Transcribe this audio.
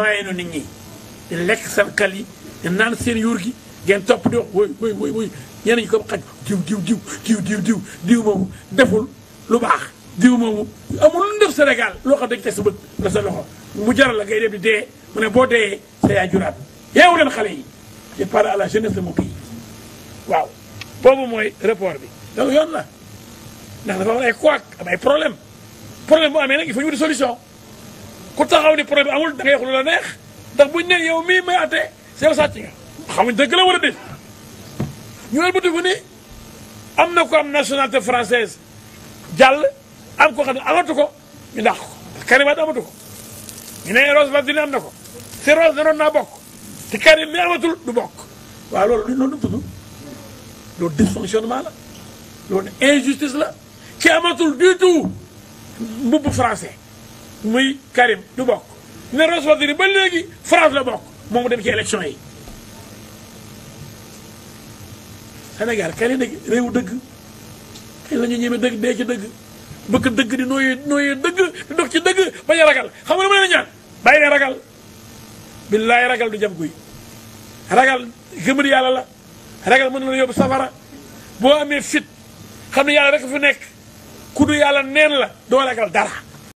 maayeenu nit ñi di lekk seen kal yi di naan seen yuur gi ngeen topp di wax woy woy woy woy ñeneen ñi ko xaj diw diw diw diw diw diw diw moomu deful lu baax diw moomu amul lu def Sénégal loo xam dañ teg sa bët la sa loxo mu jaral la ngay dem di dee mu ne boo dee sa yaay juraat yeewu leen xale yi je parle à la jeunesse de mon pays waaw boobu mooy report bi donc yoon la ndax dafa a ay couac a ay problème problème bu amee nag il faut ñu wuti solution ku taxaw ni problème amul da ngay wax lu la neex ndax buñ ne yow mii may atte si yow sàcc nga xamuñ dëgg la wala déet ñu wel ba dugg am na ko am nationalité française jàll am ko xam ne amatu ko ñu dàq ko Karim Wade amatu ko am na ko si Rose ne noon naa bokk te Karim mi amatul du bokk waaw loolu loolu nu loolu dysfonctionnement la loolu injustice la ki amatul du tout mbubb français muy Karim du bokk ne Rose Wardini ba léegi France la bokk moom mu dem ci élection yi senegal kay la dëgg réewu dëgg kay dëgg di nooyee nooyee ci dëgg bañ ragal xam nga dama leen ragal billaay ragal du jam guy ragal gëmër yàlla la ragal mën na la boo amee fit xam ne yàlla rek fi nekk ku yàlla neen la doo ragal dara